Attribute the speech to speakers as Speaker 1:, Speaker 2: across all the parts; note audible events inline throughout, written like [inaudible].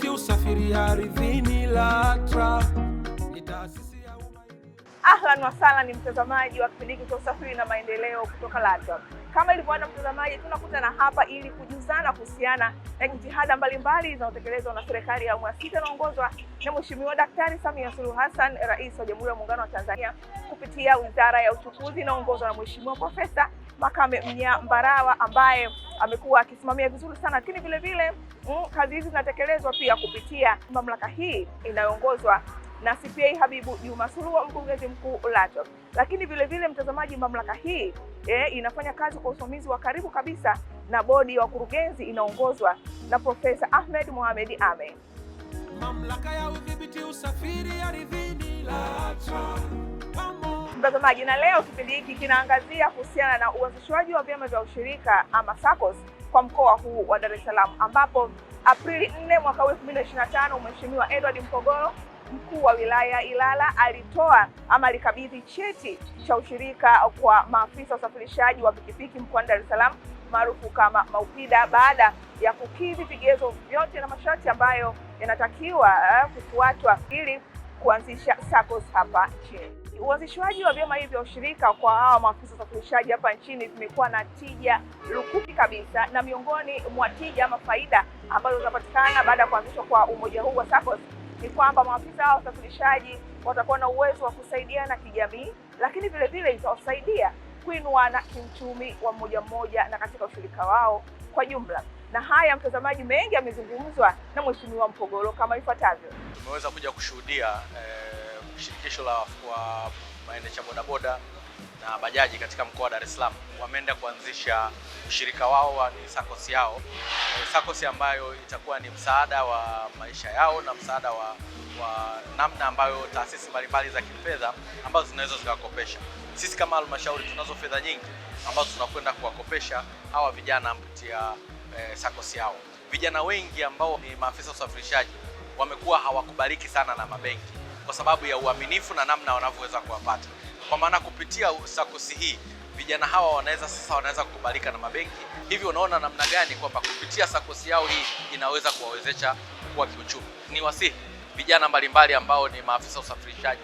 Speaker 1: kushiriki usafiri ardhini LATRA. Ahlan wasala ni mtazamaji wa kipindi cha usafiri na maendeleo kutoka LATRA. Kama ilivyoana mtazamaji, tunakutana hapa ili kujuzana kuhusiana na jitihada mbalimbali zinazotekelezwa na serikali ya awamu ya sita inaongozwa na Mheshimiwa Daktari Samia Suluhu Hassan, Rais wa Jamhuri ya Muungano wa Tanzania, kupitia Wizara ya Uchukuzi inaongozwa na Mheshimiwa Profesa Makame Mnya Mbarawa ambaye amekuwa akisimamia vizuri sana, lakini vilevile Kazi hizi zinatekelezwa pia kupitia mamlaka hii inayoongozwa na CPA Habibu Juma Suluwa, mkurugenzi mkuu LATROB. Lakini vilevile, mtazamaji, mamlaka hii e, inafanya kazi kwa usimamizi wa karibu kabisa na bodi ya wakurugenzi inaongozwa na Profesa Ahmed Mohamed Ame. Mamlaka ya udhibiti usafiri ardhini LATROB. Mtazamaji, na leo kipindi hiki kinaangazia kuhusiana na uanzishwaji wa vyama vya ushirika ama SACCOS kwa mkoa huu wa Dar es Salaam ambapo Aprili 4 mwaka 2025 Mheshimiwa Edward Mpogoro mkuu wa wilaya Ilala alitoa ama alikabidhi cheti cha ushirika kwa maafisa usafirishaji wa pikipiki mkoani Dar es Salaam maarufu kama MAUPIDA baada ya kukidhi vigezo vyote na masharti ambayo yanatakiwa eh, kufuatwa ili kuanzisha SACCOS hapa nchini. Uanzishwaji wa vyama hivi vya ushirika kwa hawa maafisa usafirishaji hapa nchini vimekuwa na tija lukuki kabisa, na miongoni mwa tija ama faida ambazo zinapatikana baada ya kuanzishwa kwa umoja huu wa SACCOS ni kwamba maafisa hawa usafirishaji watakuwa na uwezo wa kusaidiana kijamii, lakini vile vile itawasaidia kuinuana kiuchumi wa mmoja mmoja na katika ushirika wao kwa jumla na haya mtazamaji, mengi yamezungumzwa na Mheshimiwa mpogoro kama ifuatavyo.
Speaker 2: Tumeweza kuja kushuhudia eh, shirikisho la wa maendesha bodaboda na bajaji katika mkoa wa Dar es Salaam wameenda kuanzisha ushirika wao wa ni SACCOS yao eh, SACCOS ambayo itakuwa ni msaada wa maisha yao na msaada wa, wa namna ambayo taasisi mbalimbali za kifedha ambazo zinaweza zikawakopesha. Sisi kama halmashauri tunazo fedha nyingi ambazo tunakwenda kuwakopesha hawa vijana kupitia eh, sakosi yao. Vijana wengi ambao ni maafisa usafirishaji wamekuwa hawakubaliki sana na mabenki kwa sababu ya uaminifu na namna wanavyoweza kuwapata. Kwa maana kupitia sakosi hii vijana hawa wanaweza sasa wanaweza kukubalika na mabenki. Hivyo unaona namna gani kwamba kupitia sakosi yao hii inaweza kuwawezesha kuwa kiuchumi. Ni wasihi vijana mbalimbali ambao ni maafisa usafirishaji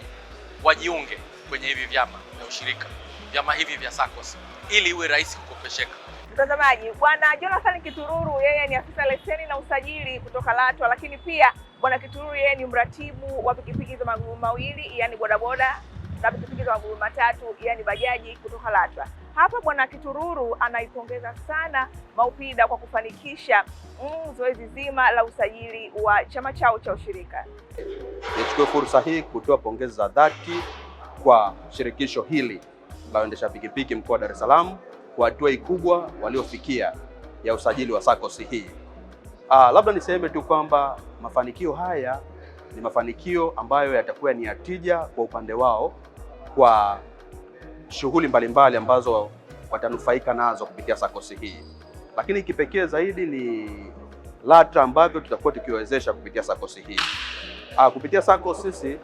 Speaker 2: wajiunge kwenye hivi vyama vya ushirika, vyama hivi vya sakosi, ili iwe rahisi kukopesheka.
Speaker 1: Mtazamaji, bwana Jonathan Kitururu yeye ni afisa leseni na usajili kutoka LATRA, lakini pia bwana Kitururu yeye ni mratibu wa pikipiki za magurudumu mawili yani bodaboda na pikipiki za magurudumu matatu yani bajaji kutoka LATRA. Hapa bwana Kitururu anaipongeza sana Maupida kwa kufanikisha mm, zoezi zima la usajili wa chama chao cha ushirika.
Speaker 3: Nichukue fursa hii kutoa pongezi za dhati kwa shirikisho hili la waendesha pikipiki mkoa wa Dar es Salaam kwa hatua kubwa waliofikia ya usajili wa SACCOS hii. Ah, labda niseme tu kwamba mafanikio haya ni mafanikio ambayo yatakuwa ni ya tija kwa upande wao kwa shughuli mbalimbali ambazo watanufaika nazo kupitia SACCOS hii, lakini kipekee zaidi ni LATRA ambavyo tutakuwa tukiwezesha kupitia SACCOS hii. Ah, kupitia SACCOS sisi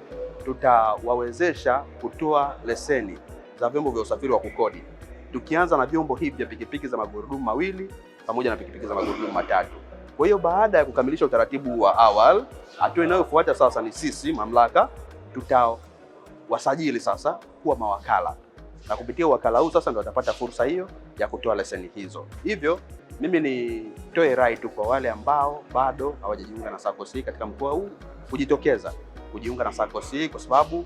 Speaker 3: tutawawezesha kutoa leseni za vyombo vya usafiri wa kukodi tukianza na vyombo hivi vya pikipiki za magurudumu mawili pamoja na pikipiki za magurudumu matatu. Kwa hiyo baada ya kukamilisha utaratibu wa awali, hatua inayofuata sasa ni sisi mamlaka tutawasajili sasa kuwa mawakala, na kupitia wakala huu sasa ndio watapata fursa hiyo ya kutoa leseni hizo. Hivyo mimi nitoe rai tu kwa wale ambao bado hawajajiunga na SACCOS katika mkoa huu kujitokeza kujiunga na SACCOS kwa sababu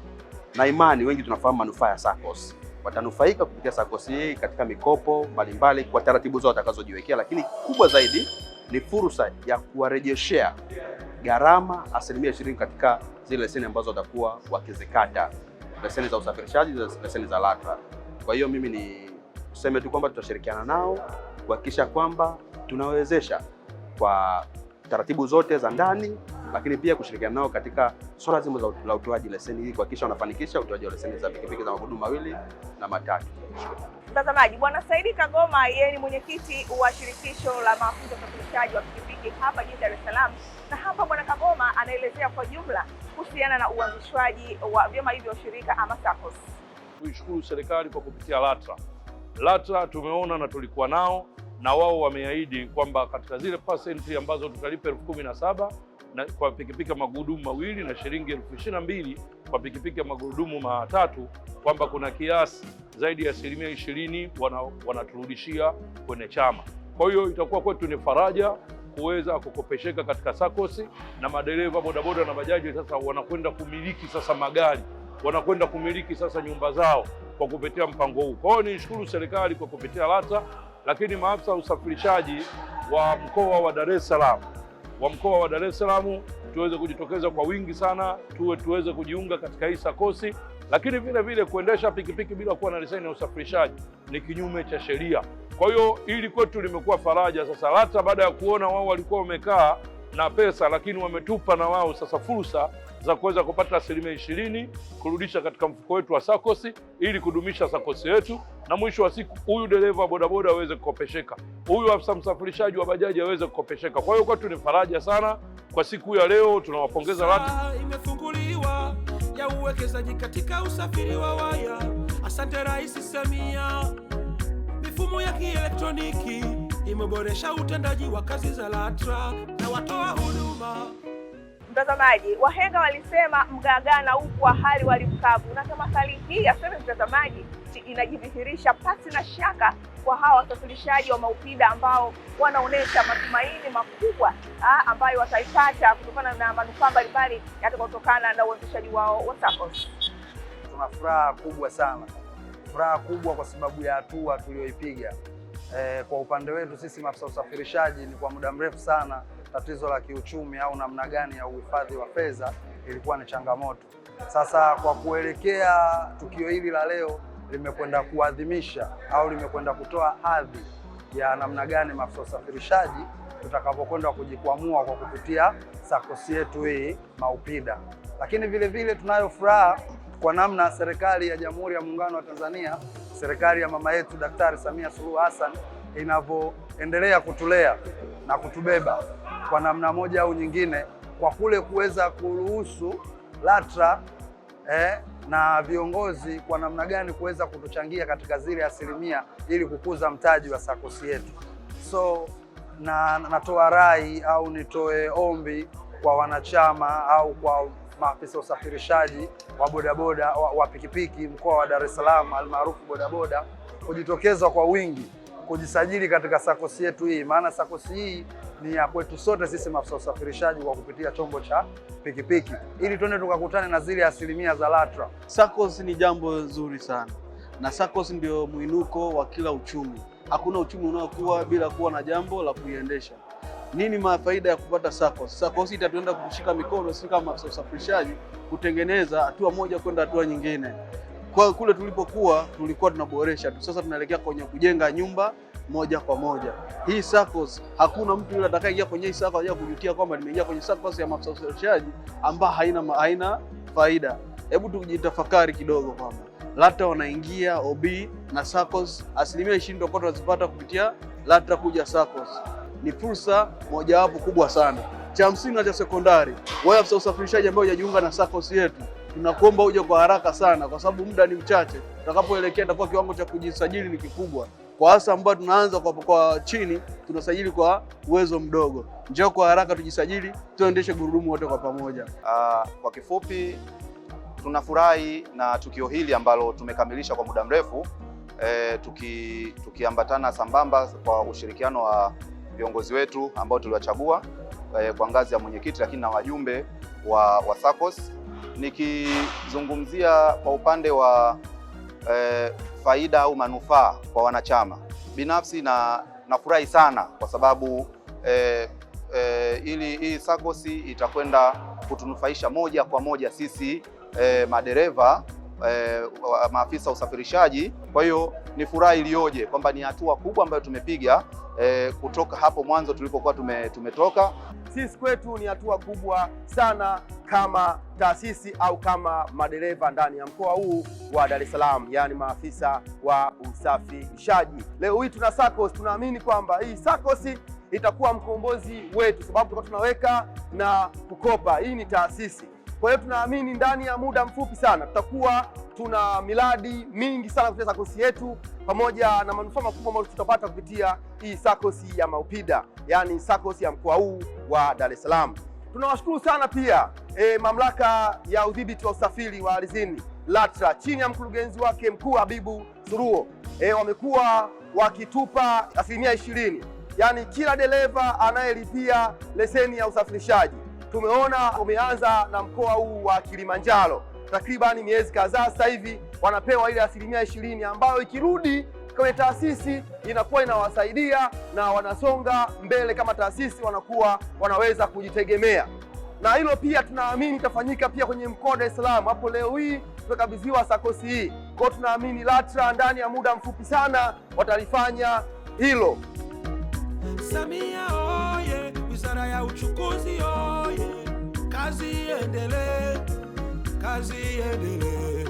Speaker 3: na imani wengi tunafahamu manufaa ya SACCOS watanufaika kupitia sakosi hii katika mikopo mbalimbali kwa taratibu zao watakazojiwekea, lakini kubwa zaidi ni fursa ya kuwarejeshea gharama asilimia ishirini katika zile leseni ambazo watakuwa wakizikata, leseni za usafirishaji, leseni za LATRA. Kwa hiyo mimi ni tuseme tu kwamba tutashirikiana nao kuhakikisha kwamba tunawezesha kwa taratibu zote za ndani, lakini pia kushirikiana nao katika swala zima la utoaji leseni ili kuhakikisha wanafanikisha utoaji wa leseni za pikipiki za magurudumu mawili na matatu.
Speaker 1: Mtazamaji, Bwana Saidi Kagoma yeye ni mwenyekiti wa shirikisho la ya usafirishaji wa pikipiki hapa jijini Dar es Salaam, na hapa Bwana Kagoma anaelezea kwa jumla kuhusiana na uanzishwaji wa vyama hivyo shirika ama SACCOS.
Speaker 4: Tuishukuru serikali kwa kupitia LATRA. LATRA tumeona na tulikuwa nao na wao wameahidi kwamba katika zile pasenti ambazo tutalipa elfu kumi na saba na kwa pikipiki ya magurudumu mawili na shilingi elfu ishirini na mbili kwa pikipiki ya magurudumu matatu kwamba kuna kiasi zaidi ya asilimia ishirini wanaturudishia kwenye chama. Kwa hiyo itakuwa kwetu ni faraja kuweza kukopesheka katika sakosi, na madereva bodaboda na bajaji sasa wanakwenda kumiliki sasa magari, wanakwenda kumiliki sasa nyumba zao kwa kupitia mpango huu. Kwa hiyo nishukuru serikali kwa kupitia LATRA lakini maafisa wa usafirishaji wa mkoa wa Dar es Salaam wa mkoa wa Dar es Salaam tuweze kujitokeza kwa wingi sana, tuwe tuweze kujiunga katika hii sakosi, lakini vile vile kuendesha pikipiki bila kuwa na leseni ya usafirishaji ni kinyume cha sheria. Kwa hiyo hili kwetu limekuwa faraja sasa, hata baada ya kuona wao walikuwa wamekaa na pesa, lakini wametupa na wao sasa fursa za kuweza kupata asilimia ishirini kurudisha katika mfuko wetu wa sakosi ili kudumisha sakosi yetu, na mwisho wa siku huyu dereva wa bodaboda aweze kukopesheka, huyu afisa msafirishaji wa bajaji aweze kukopesheka. Kwa hiyo kwetu ni faraja sana kwa siku ya leo, tunawapongeza LATRA. Imefunguliwa ya uwekezaji katika usafiri wa waya. Asante Rais Samia.
Speaker 1: Mifumo ya kielektroniki imeboresha utendaji wa kazi za LATRA na watoa huduma Mtazamaji, wahenga walisema huku wa hali walimkavu, na hali hii yaseme mtazamaji inajidhihirisha pasi na shaka kwa hawa wasafirishaji wa maupida ambao wanaonyesha matumaini makubwa ah, ambayo wataipata kutokana na manufaa mbalimbali yatakayotokana na uanzishaji wao wa SACCOS.
Speaker 5: Tuna furaha kubwa sana, furaha kubwa kwa sababu ya hatua tuliyoipiga. Eh, kwa upande wetu sisi maafisa usafirishaji ni kwa muda mrefu sana tatizo la kiuchumi au namna gani ya uhifadhi wa fedha ilikuwa ni changamoto. Sasa kwa kuelekea tukio hili la leo, limekwenda kuadhimisha au limekwenda kutoa hadhi ya namna gani maafisa usafirishaji tutakapokwenda kujikwamua kwa kupitia sakosi yetu hii Maupida. Lakini vile vile tunayo furaha kwa namna serikali ya Jamhuri ya Muungano wa Tanzania, serikali ya mama yetu Daktari Samia Suluhu Hassan inavyoendelea kutulea na kutubeba kwa namna moja au nyingine, kwa kule kuweza kuruhusu LATRA eh, na viongozi kwa namna gani kuweza kutuchangia katika zile asilimia ili kukuza mtaji wa sakosi yetu. So na natoa rai au nitoe ombi kwa wanachama au kwa maafisa usafirishaji wa bodaboda wa, wa pikipiki mkoa wa Dar es Salaam almaarufu bodaboda kujitokeza kwa wingi kujisajili katika sakosi yetu hii, maana sakosi hii ni ya kwetu sote sisi maafisa usafirishaji kwa kupitia chombo cha pikipiki, ili tuende tukakutane na zile asilimia za LATRA.
Speaker 6: Sakosi ni jambo zuri sana, na sakosi ndio mwinuko wa kila uchumi. Hakuna uchumi unaokuwa bila kuwa na jambo la kuiendesha. Nini mafaida ya kupata sakosi? Sakosi itatuenda kushika mikono sisi kama maafisa usafirishaji kutengeneza hatua moja kwenda hatua nyingine. Kwa kule tulipokuwa tulikuwa tunaboresha tu, sasa tunaelekea kwenye kujenga nyumba moja kwa moja. Hii SACCOS hakuna mtu yule atakayeingia kwenye hii SACCOS aje kujutia kwamba nimeingia kwenye SACCOS ya masawazishaji ambayo haina, haina faida. Hebu tujitafakari kidogo kwamba LATRA wanaingia OB na SACCOS, asilimia ishirini kwa tunazipata kupitia LATRA kuja SACCOS. Ni fursa mojawapo kubwa sana. Cha msingi na cha sekondari, wewe afisa usafirishaji ambaye hujajiunga na SACCOS yetu tunakuomba uje kwa haraka sana, kwa sababu muda ni mchache. Tutakapoelekea itakuwa kiwango cha kujisajili ni kikubwa, kwa hasa ambayo tunaanza kwa, kwa chini tunasajili kwa uwezo mdogo. Njoo kwa haraka tujisajili, tuendeshe gurudumu wote kwa pamoja.
Speaker 7: Uh, kwa kifupi tunafurahi na tukio hili ambalo tumekamilisha kwa muda mrefu e, tuki, tukiambatana sambamba kwa ushirikiano wa viongozi wetu ambao tuliwachagua e, kwa ngazi ya mwenyekiti, lakini na wajumbe wa, wa SACCOS Nikizungumzia kwa upande wa eh, faida au manufaa kwa wanachama binafsi, na nafurahi sana kwa sababu eh, eh, ili hii SACCOS itakwenda kutunufaisha moja kwa moja sisi eh, madereva eh, maafisa usafirishaji. Kwa hiyo ni furaha iliyoje kwamba ni hatua kubwa ambayo tumepiga eh, kutoka hapo mwanzo tulipokuwa tume, tumetoka.
Speaker 8: Sisi kwetu ni hatua kubwa sana kama taasisi au kama madereva ndani ya mkoa huu wa Dar es Salaam, yaani maafisa wa usafirishaji. Leo hii tuna SACCOS, tunaamini kwamba hii SACCOS itakuwa mkombozi wetu, sababu tulikuwa tunaweka na kukopa. Hii ni taasisi kwa hiyo tunaamini ndani ya muda mfupi sana tutakuwa tuna miradi mingi sana kupitia sakosi yetu, pamoja na manufaa makubwa ambayo tutapata kupitia hii sakosi ya Maupida, yani sakos ya mkoa huu wa Dar es Salaam. Tunawashukuru sana pia e, mamlaka ya udhibiti wa usafiri wa ardhini LATRA chini ya mkurugenzi wake mkuu Habibu Suruo e, wamekuwa wakitupa asilimia ishirini, yaani kila dereva anayelipia leseni ya usafirishaji tumeona umeanza na mkoa huu wa Kilimanjaro, takribani miezi kadhaa sasa hivi wanapewa ile asilimia ishirini ambayo ikirudi kwenye taasisi inakuwa inawasaidia na wanasonga mbele kama taasisi, wanakuwa wanaweza kujitegemea, na hilo pia tunaamini itafanyika pia kwenye mkoa wa Dar es Salaam. Hapo leo hii tumekabidhiwa sakosi hii kwao, tunaamini LATRA ndani ya muda mfupi sana watalifanya hilo Samia. Oh ya uchukuzi oye, kazi endele, kazi endele.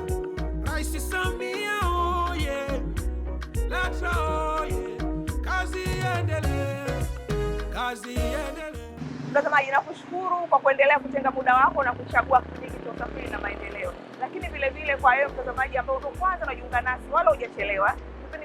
Speaker 1: Rais Samia oye, LATRA oye, kazi endele, kazi iendelee. Mtazamaji, nakushukuru kwa kuendelea kutenga muda wako na kuchagua kipindi cha usafiri na maendeleo, lakini vilevile kwa wewe mtazamaji ambao ndio kwanza unajiunga nasi, wala hujachelewa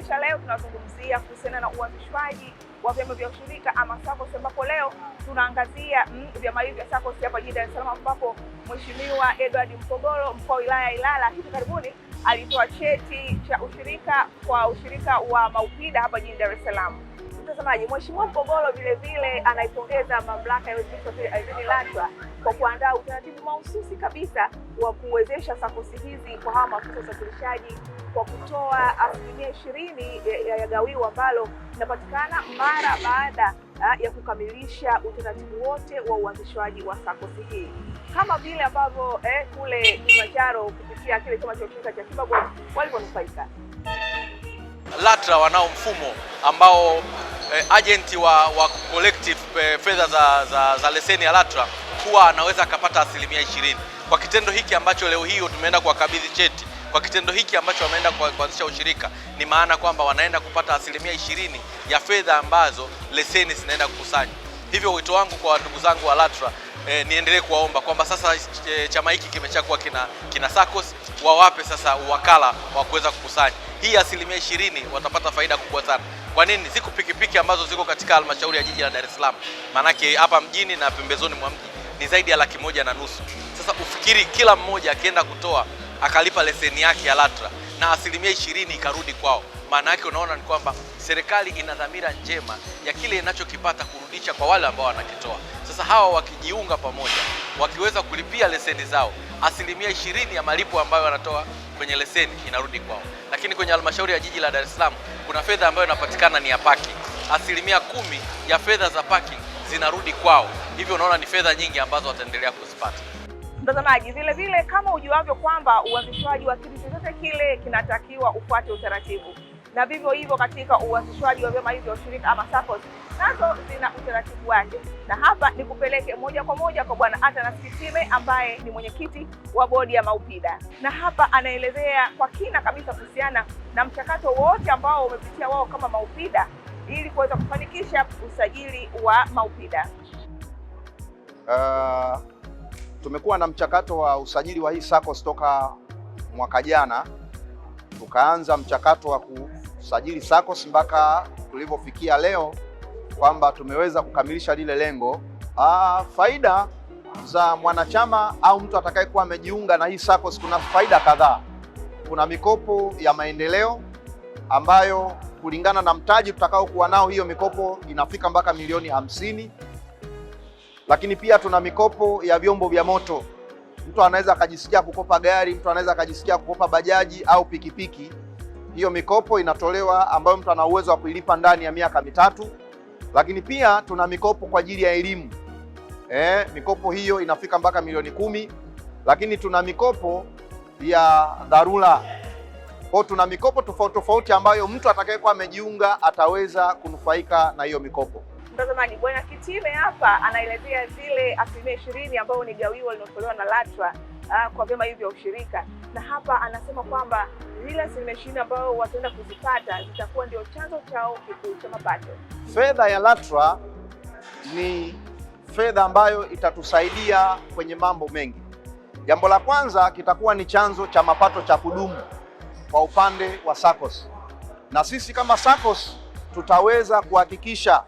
Speaker 1: kipindi cha leo tunazungumzia kuhusiana na uanzishwaji wa vyama vya ushirika ama SACCOS, ambapo leo tunaangazia mm, vyama hivi vya SACCOS hapa jijini Dar es Salaam, ambapo Mheshimiwa Edward Mpogolo, mkuu wa wilaya ya Ilala, hivi karibuni alitoa cheti cha ushirika kwa ushirika wa MAUPIDA hapa jijini Dar es Salaam mtazamaji, Mheshimiwa Mpogolo vile vile anaipongeza mamlaka ya udhibiti wa LATRA kwa kuandaa utaratibu mahususi kabisa wa kuwezesha sakosi hizi kwa hawa maafisa usafirishaji kwa kutoa asilimia ishirini ya gawio ambalo inapatikana mara baada ah, ya kukamilisha utaratibu wote wa uanzishwaji wa sakosi hii, kama vile ambavyo eh, kule Kilimanjaro kupitia kile chama cha ushirika cha kibago walivyonufaika.
Speaker 2: LATRA wanao mfumo ambao eh, agent wa, wa collective eh, fedha za, za, za leseni ya LATRA kuwa anaweza akapata asilimia ishirini kwa kitendo hiki ambacho leo hiyo tumeenda kuwakabidhi cheti kwa kitendo hiki ambacho wameenda kuanzisha ushirika ni maana kwamba wanaenda kupata asilimia ishirini ya fedha ambazo leseni zinaenda kukusanya. Hivyo wito wangu kwa ndugu zangu wa LATRA eh, niendelee kuwaomba kwamba sasa eh, chama hiki kimeshakuwa kina, kina SACCOS wawape sasa uwakala wa kuweza kukusanya hii asilimia ishirini, watapata faida kubwa sana. Kwa nini ziko pikipiki ambazo ziko katika halmashauri ya jiji la Dar es Salaam? Maanake hapa mjini na pembezoni mwa mji ni zaidi ya laki moja na nusu. Sasa ufikiri kila mmoja akienda kutoa akalipa leseni yake ya LATRA na asilimia ishirini ikarudi kwao, maana yake unaona ni kwamba serikali ina dhamira njema ya kile inachokipata kurudisha kwa wale ambao wanakitoa. Sasa hawa wakijiunga pamoja, wakiweza kulipia leseni zao, asilimia ishirini ya malipo ambayo wanatoa kwenye leseni inarudi kwao lakini kwenye halmashauri ya jiji la Dar es Salaam kuna fedha ambayo inapatikana ni ya parking. Asilimia kumi ya fedha za parking zinarudi kwao, hivyo unaona ni fedha nyingi ambazo wataendelea kuzipata.
Speaker 1: Mtazamaji, vile vile kama ujuavyo kwamba uanzishwaji wa kitu chochote kile kinatakiwa ufuate utaratibu na vivyo hivyo katika uanzishwaji wa vyama hivi vya ushirika ama SACCOS nazo zina utaratibu wake, na hapa ni kupeleke moja kwa moja kwa Bwana Atanas Kitime ambaye ni mwenyekiti wa bodi ya MAUPIDA, na hapa anaelezea kwa kina kabisa kuhusiana na mchakato wote ambao umepitia wao kama MAUPIDA ili kuweza kufanikisha usajili wa MAUPIDA.
Speaker 3: Uh, tumekuwa na mchakato wa usajili wa hii SACCOS toka mwaka jana tukaanza mchakato wa ku sajili SACCOS mpaka tulivyofikia leo kwamba tumeweza kukamilisha lile lengo. Aa, ah, faida za mwanachama au mtu atakayekuwa amejiunga na hii SACCOS, kuna faida kadhaa. Kuna mikopo ya maendeleo ambayo kulingana na mtaji tutakaokuwa nao, hiyo mikopo inafika mpaka milioni hamsini. Lakini pia tuna mikopo ya vyombo vya moto. Mtu anaweza akajisikia kukopa gari, mtu anaweza akajisikia kukopa bajaji au pikipiki. Hiyo mikopo inatolewa ambayo mtu ana uwezo wa kuilipa ndani ya miaka mitatu, lakini pia tuna mikopo kwa ajili ya elimu eh, mikopo hiyo inafika mpaka milioni kumi, lakini tuna mikopo ya dharura kwa Tuna mikopo tofauti tofauti ambayo mtu atakayekuwa amejiunga ataweza kunufaika na hiyo mikopo.
Speaker 1: Mtazamaji, bwana Kitime hapa anaelezea zile asilimia ishirini ambayo ni gawio linaotolewa na LATRA uh, kwa vyama hivi vya ushirika na hapa anasema kwamba zile asilimia ishirini ambayo wataenda kuzipata zitakuwa ndio chanzo chao kikuu cha mapato.
Speaker 3: Fedha ya LATRA ni fedha ambayo itatusaidia kwenye mambo mengi. Jambo la kwanza kitakuwa ni chanzo cha mapato cha kudumu kwa upande wa SACCOS, na sisi kama SACCOS tutaweza kuhakikisha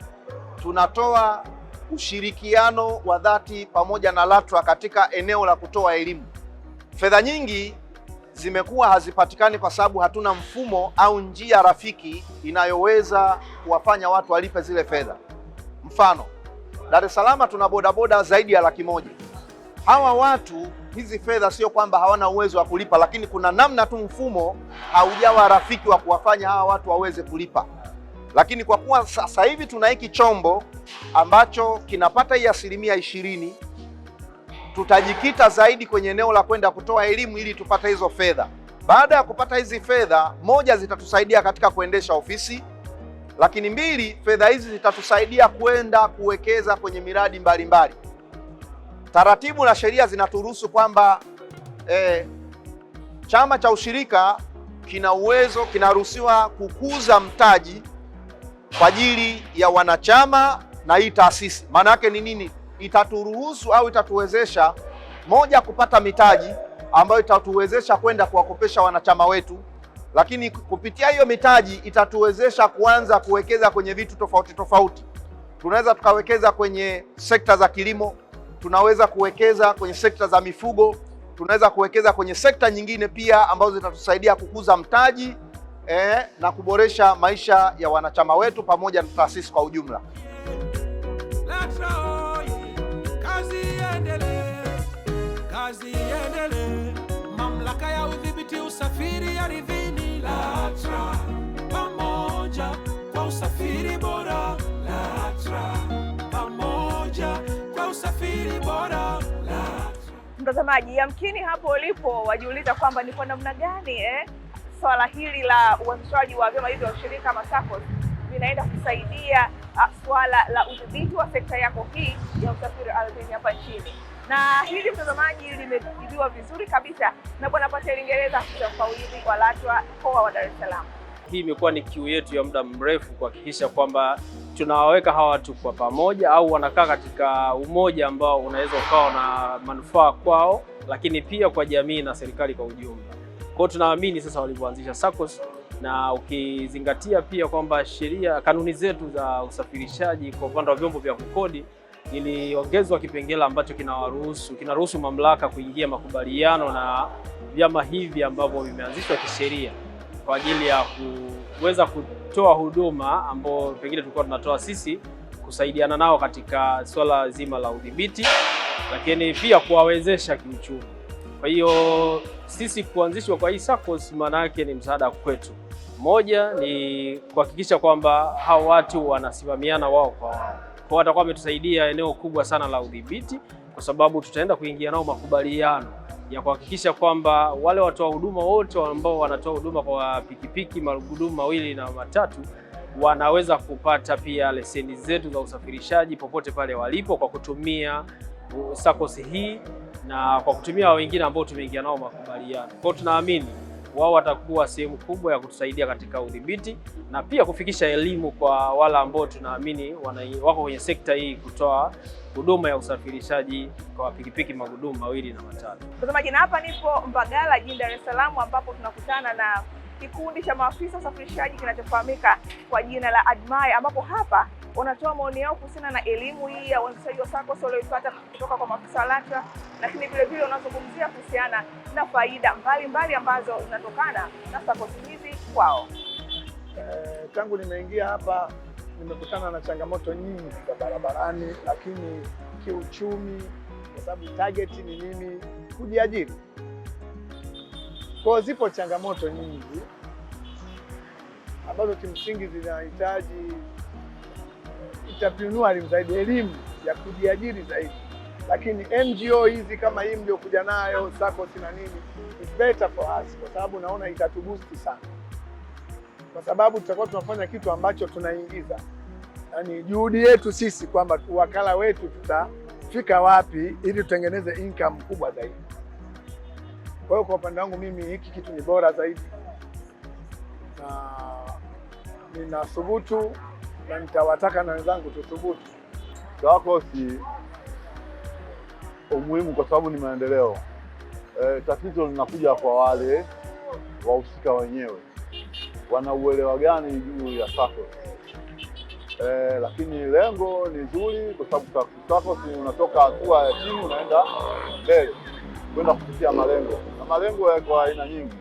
Speaker 3: tunatoa ushirikiano wa dhati pamoja na LATRA katika eneo la kutoa elimu. Fedha nyingi zimekuwa hazipatikani kwa sababu hatuna mfumo au njia rafiki inayoweza kuwafanya watu walipe zile fedha. Mfano, Dar es Salaam tuna bodaboda zaidi ya laki moja. Hawa watu hizi fedha sio kwamba hawana uwezo wa kulipa, lakini kuna namna tu mfumo haujawa rafiki wa kuwafanya hawa watu waweze kulipa. Lakini kwa kuwa sasa hivi tuna hiki chombo ambacho kinapata hii asilimia ishirini tutajikita zaidi kwenye eneo la kwenda kutoa elimu ili tupate hizo fedha. Baada ya kupata hizi fedha, moja, zitatusaidia katika kuendesha ofisi, lakini mbili, fedha hizi zitatusaidia kwenda kuwekeza kwenye miradi mbalimbali mbali. Taratibu na sheria zinaturuhusu kwamba eh, chama cha ushirika kina uwezo, kinaruhusiwa kukuza mtaji kwa ajili ya wanachama na hii taasisi. Maana yake ni nini? itaturuhusu au itatuwezesha moja, kupata mitaji ambayo itatuwezesha kwenda kuwakopesha wanachama wetu, lakini kupitia hiyo mitaji itatuwezesha kuanza kuwekeza kwenye vitu tofauti tofauti. Tunaweza tukawekeza kwenye sekta za kilimo, tunaweza kuwekeza kwenye sekta za mifugo, tunaweza kuwekeza kwenye sekta nyingine pia ambazo zitatusaidia kukuza mtaji eh, na kuboresha maisha ya wanachama wetu pamoja na taasisi kwa ujumla. kazi iendelee. Mamlaka ya udhibiti usafiri ardhini
Speaker 1: LATRA, pamoja kwa usafiri bora. LATRA, pamoja kwa usafiri bora. Mtazamaji, yamkini hapo ulipo wajiuliza kwamba ni kwa namna gani eh, swala hili la uanzishwaji wa vyama hivi vya ushirika ama SACCOS vinaenda kusaidia ah, swala la udhibiti wa sekta yako hii ya usafiri ardhini hapa nchini na hili mtazamaji, limejibiwa vizuri kabisa na Bwana Pateli Ingereza, afisa wa LATRA mkoa wa Dar es Salaam.
Speaker 2: Hii imekuwa ni kiu yetu ya muda mrefu kuhakikisha kwamba tunawaweka hawa watu kwa pamoja au wanakaa katika umoja ambao unaweza ukawa na manufaa kwao, lakini pia kwa jamii na serikali kwa ujumla. Kwa tunaamini sasa walivyoanzisha SACCOS na ukizingatia pia kwamba sheria, kanuni zetu za usafirishaji kwa upande wa vyombo vya kukodi iliongezwa kipengele ambacho kinawaruhusu kinaruhusu mamlaka kuingia makubaliano na vyama hivi ambavyo vimeanzishwa kisheria kwa ajili ya kuweza kutoa huduma ambayo pengine tulikuwa tunatoa sisi, kusaidiana nao katika swala zima la udhibiti, lakini pia kuwawezesha kiuchumi. Kwa hiyo sisi kuanzishwa kwa hii SACCOS maana yake ni msaada kwetu. Moja ni kuhakikisha kwamba hao watu wanasimamiana wao kwa wao kwa watakuwa wametusaidia eneo kubwa sana la udhibiti, kwa sababu tutaenda kuingia nao makubaliano ya kuhakikisha kwamba wale watoa huduma wote ambao wanatoa huduma kwa pikipiki magurudumu mawili na matatu wanaweza kupata pia leseni zetu za usafirishaji popote pale walipo kwa kutumia sakosi hii na kwa kutumia wengine ambao tumeingia nao makubaliano. Kwa hiyo tunaamini wao watakuwa sehemu kubwa ya kutusaidia katika udhibiti na pia kufikisha elimu kwa wale ambao tunaamini wako kwenye sekta hii kutoa huduma ya usafirishaji kwa pikipiki magudumu mawili na matatu.
Speaker 1: Mtazamaji, na hapa nipo Mbagala jijini Dar es Salaam ambapo tunakutana na kikundi cha maafisa usafirishaji kinachofahamika kwa jina la Admai, ambapo hapa wanatoa maoni yao kuhusiana na elimu hii ya uanzishaji wa SACCOS walioipata kutoka kwa maafisa wa LATRA, lakini vilevile wanazungumzia kuhusiana na faida mbalimbali ambazo zinatokana na SACCOS hizi kwao.
Speaker 9: Eh, tangu nimeingia hapa nimekutana na changamoto nyingi za barabarani, lakini kiuchumi, kwa sababu target ni nini? Kujiajiri. Kwa zipo changamoto nyingi ambazo kimsingi zinahitaji entrepreneurialism zaidi, elimu ya kujiajiri zaidi, lakini NGO hizi kama hii mliokuja nayo SACCOS na nini is better for us, kwa sababu naona itatubusti sana, kwa sababu tutakuwa tunafanya kitu ambacho tunaingiza, yaani juhudi yetu sisi kwamba wakala wetu tutafika wapi ili tutengeneze income kubwa zaidi. Kwa hiyo kwa upande wangu mimi hiki kitu ni bora zaidi, na ninathubutu na nitawataka na wenzangu tuthubutu.
Speaker 10: Sawakosi umuhimu kwa sababu ni maendeleo. E, tatizo linakuja kwa wale wahusika wenyewe wana uelewa gani juu ya sako E, lakini lengo ni zuri kwa sababu SACCOS unatoka hatua ya chini unaenda mbele kwenda kufikia malengo malengo yako aina nyingi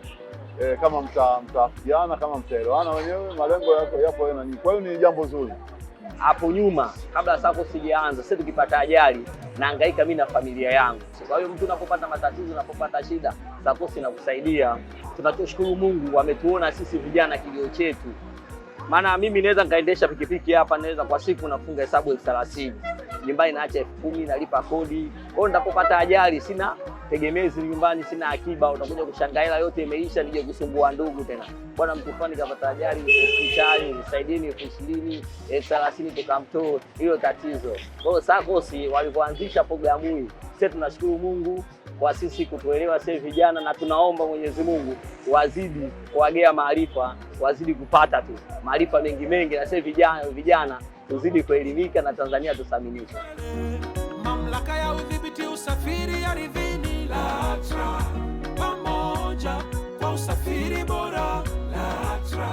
Speaker 10: e, kama mtaafikiana mta kama mtaelewana wenyewe, malengo yako yapo aina nyingi. Kwa hiyo ni jambo zuri.
Speaker 11: Hapo nyuma kabla SACCOS sijaanza, sasa tukipata ajali naangaika mimi na familia yangu. Kwa hiyo mtu unapopata matatizo, unapopata shida, SACCOS inakusaidia. Tunachoshukuru Mungu ametuona sisi vijana kilio chetu maana mimi naweza nikaendesha pikipiki hapa, naweza kwa siku nafunga hesabu elfu thelathini nyumbani, naacha elfu kumi nalipa kodi. Kwa hiyo nitapopata ajali sina tegemezi nyumbani, sina akiba, utakuja kushangaa hela yote imeisha, nije kusumbua ndugu tena. Bwana mtu fulani kapata ajali hospitali, nisaidieni elfu ishirini elfu thelathini tukamtoe hilo tatizo. Kwa hiyo SACCOS walipoanzisha programu hii, sisi tunashukuru Mungu kwa sisi kutuelewa sisi vijana, na tunaomba Mwenyezi Mungu wazidi kuwagea maarifa, wazidi kupata tu maarifa mengi mengi, na sisi vijana vijana tuzidi kuelimika na Tanzania tuthaminike. Mamlaka ya udhibiti usafiri ardhini LATRA, pamoja
Speaker 1: kwa usafiri bora LATRA,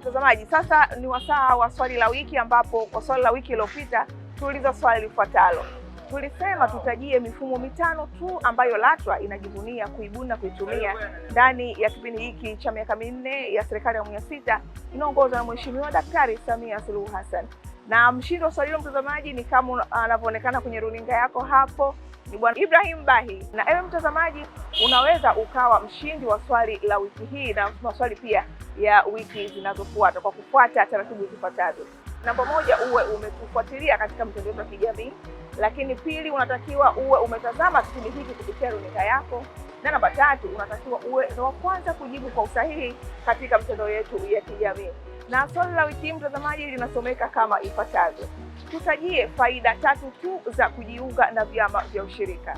Speaker 1: Mtazamaji, sasa ni wasaa wa swali la wiki, ambapo kwa swali la wiki iliyopita tuuliza swali lifuatalo: tulisema tutajie mifumo mitano tu ambayo LATRA inajivunia kuibuni na kuitumia ndani ya kipindi hiki cha miaka minne ya serikali ya awamu ya sita inaongozwa na Mheshimiwa Daktari Samia Suluhu Hassan. Na mshindi wa swali hilo, mtazamaji, ni kama anavyoonekana kwenye runinga yako hapo, ni Bwana Ibrahim Bahi. Na ewe mtazamaji, unaweza ukawa mshindi wa swali la wiki hii na maswali pia ya wiki zinazofuata kwa kufuata taratibu zifuatazo. Namba moja, uwe umetufuatilia katika mtandao wa kijamii lakini pili, unatakiwa uwe umetazama kipindi hiki kupitia runinga yako, na namba tatu, unatakiwa uwe wa kwanza kujibu kwa usahihi katika mitandao yetu ya kijamii. Na swali la wiki mtazamaji, linasomeka kama ifuatavyo: tutajie faida tatu tu za kujiunga na vyama vya ushirika.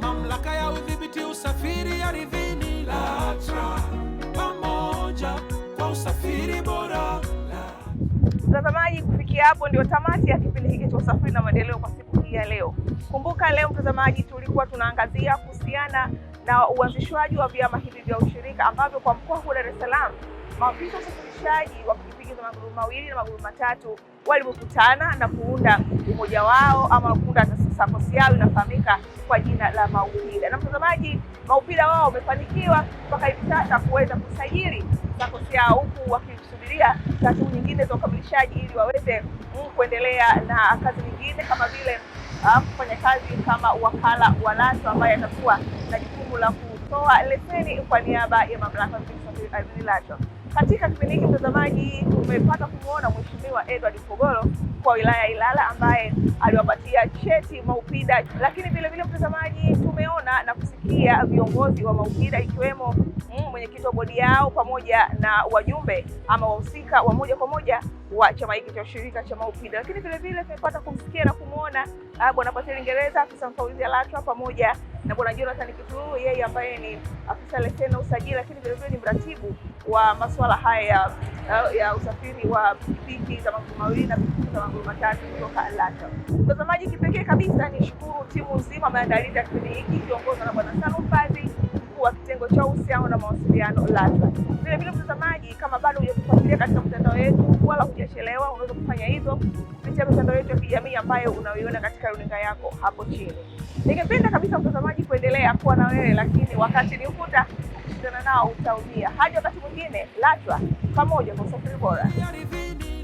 Speaker 1: Mamlaka ya udhibiti usafiri ardhini LATRA, pamoja kwa usafiri bora. Mtazamaji, kufikia hapo ndio tamati ya kipindi hiki cha usafiri na maendeleo kwa siku hii ya leo. Kumbuka leo mtazamaji, tulikuwa tunaangazia kuhusiana na uanzishwaji wa vyama hivi vya ushirika ambavyo kwa mkoa huu Dar es Salaam maafisa usafirishaji wa pikipiki za magurudumu mawili na magurudumu matatu walipokutana na kuunda umoja wao ama kuunda sakosi yao inafahamika kwa jina la MAUPIDA. Na mtazamaji, MAUPIDA wao wamefanikiwa mpaka hivi sasa kuweza kusajili sakosi yao huku kusubiria shughuli nyingine za ukamilishaji ili waweze kuendelea na kazi nyingine kama vile ah, kufanya kazi kama wakala wa LATRA ambaye atakuwa na jukumu la kutoa leseni kwa niaba ya mamlaka ya usafiri ardhini LATRA. Katika kipindi hiki mtazamaji, umepata kumwona Mheshimiwa Edward Mpogolo kwa wilaya ya Ilala ambaye aliwapatia cheti Maupida, lakini vilevile mtazamaji, tumeona na kusikia viongozi wa Maupida ikiwemo mm, mwenyekiti wa bodi yao pamoja na wajumbe ama wahusika wa moja kwa moja wa chama hiki cha ushirika cha Maupida, lakini vilevile tumepata kumsikia na kumwona ah, Bwana Pateli Ngereza, afisa mfawidhi LATRA pamoja na Bwana Jonathan Kitululu, yeye ambaye ni afisa leseni na usajili, lakini vilevile ni mratibu wa masuala haya ya usafiri wa pikipiki za maguru mawili na pikipiki za maguru matatu kutoka LATRA. Mtazamaji, kipekee kabisa ni shukuru timu nzima maandalizi kipindi hiki ikiongozwa na Bwana Sanofa wa kitengo cha uhusiano na mawasiliano LATRA. Vile vile mtazamaji, kama bado hujakufuatilia katika mtandao yetu wala hujachelewa, unaweza kufanya hivyo kupitia mitandao yetu ya kijamii ambayo unaiona katika runinga yako hapo chini. Ningependa kabisa mtazamaji kuendelea kuwa na wewe, lakini wakati ni ukuta, ukishindana nao utaumia. Hadi wakati mwingine, LATRA pamoja kwa usafiri bora.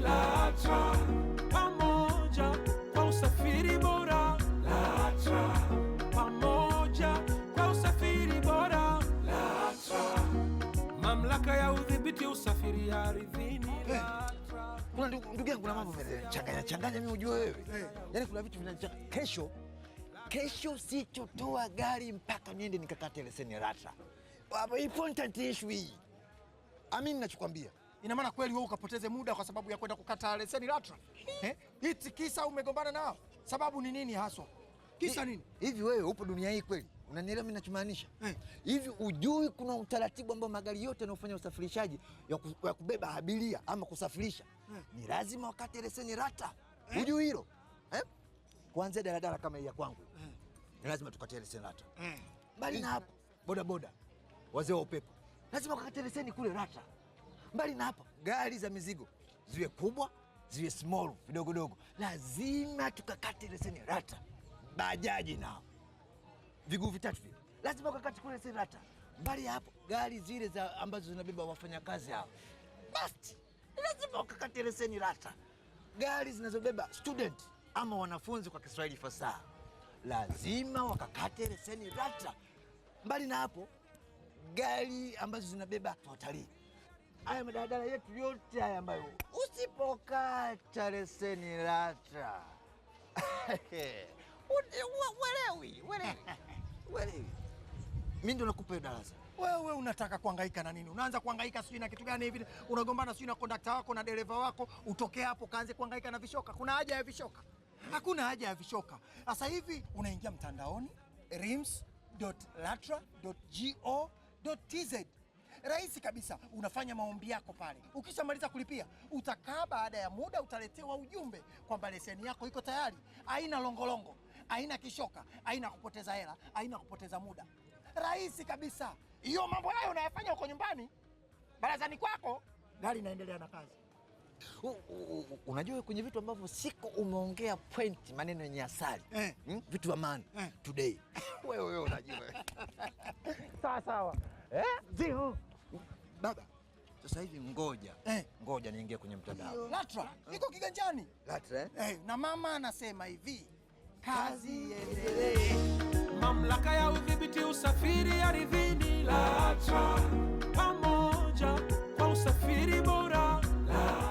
Speaker 1: LATRA pamoja kwa usafiri bora. LATRA
Speaker 12: Mamlaka ya udhibiti usafiri ardhini. Eh, kuna ndugu yangu, kuna mambo changanya changanya, mimi ujue wewe, yaani kuna vitu vinachanganya. Kesho kesho sichotoa gari mpaka niende nikakate leseni rata Important issue hii, amini nachokwambia. Ina maana kweli wewe ukapoteze muda kwa sababu ya kwenda kukata leseni RATRA eh? Iti kisa umegombana nao, sababu ni nini haswa? Kisa nini hivi? Wewe upo dunia hii kweli? Unanielewa mimi ninachomaanisha? Eh. Hivi hey, ujui kuna utaratibu ambao magari yote yanayofanya usafirishaji ya kubeba abiria ama kusafirisha hey, eh. ni lazima wakati leseni rata hey. Eh. Ujui hilo eh? Kuanzia daladala kama hii ya kwangu hey, ni lazima tukate leseni rata hey. Mbali na hapo bodaboda, wazee wa upepo lazima wakate leseni kule rata. Mbali na hapo, gari za mizigo ziwe kubwa ziwe small vidogodogo, lazima tukakate leseni rata. Bajaji nao viguu vitatu vile, lazima ukakati kule Sirata. Mbali hapo, gari zile za ambazo zinabeba wafanyakazi hao, basi lazima ukakati leseni Rata. Gari zinazobeba student ama wanafunzi kwa Kiswahili fasaha, lazima wakakate leseni Rata. Mbali na hapo, gari ambazo zinabeba watalii haya madaladala yetu yote haya ambayo usipokata leseni LATRA [laughs] welewi welewi Kweli. mimi ndo nakupa darasa. Wewe unataka kuhangaika na nini? Unaanza kuhangaika sijui na kitu gani hivi, unagombana sijui na kondakta wako na dereva wako, utokee hapo kaanze kuhangaika na vishoka. Kuna haja ya vishoka? Hakuna haja ya vishoka. Sasa hivi unaingia mtandaoni rims.latra.go.tz rahisi kabisa, unafanya maombi yako pale. Ukishamaliza kulipia, utakaa baada ya muda utaletewa ujumbe kwamba leseni yako iko tayari, haina longolongo aina kishoka, aina kupoteza hela, aina kupoteza muda, rahisi kabisa. Hiyo mambo hayo unayafanya huko nyumbani barazani kwako, gari inaendelea na kazi. unajua kwenye vitu ambavyo siko umeongea point maneno yenye asali eh, hmm? Vitu vya maana eh, today [laughs] wewe wewe unajua [laughs] sawa sawa eh? baba, sasa hivi ngoja eh, ngoja niingie kwenye mtandao. LATRA iko kiganjani LATRA eh? Eh, na mama anasema hivi kazi iendelee. Mamlaka ya udhibiti usafiri ardhini LATRA, pamoja kwa usafiri bora LATRA.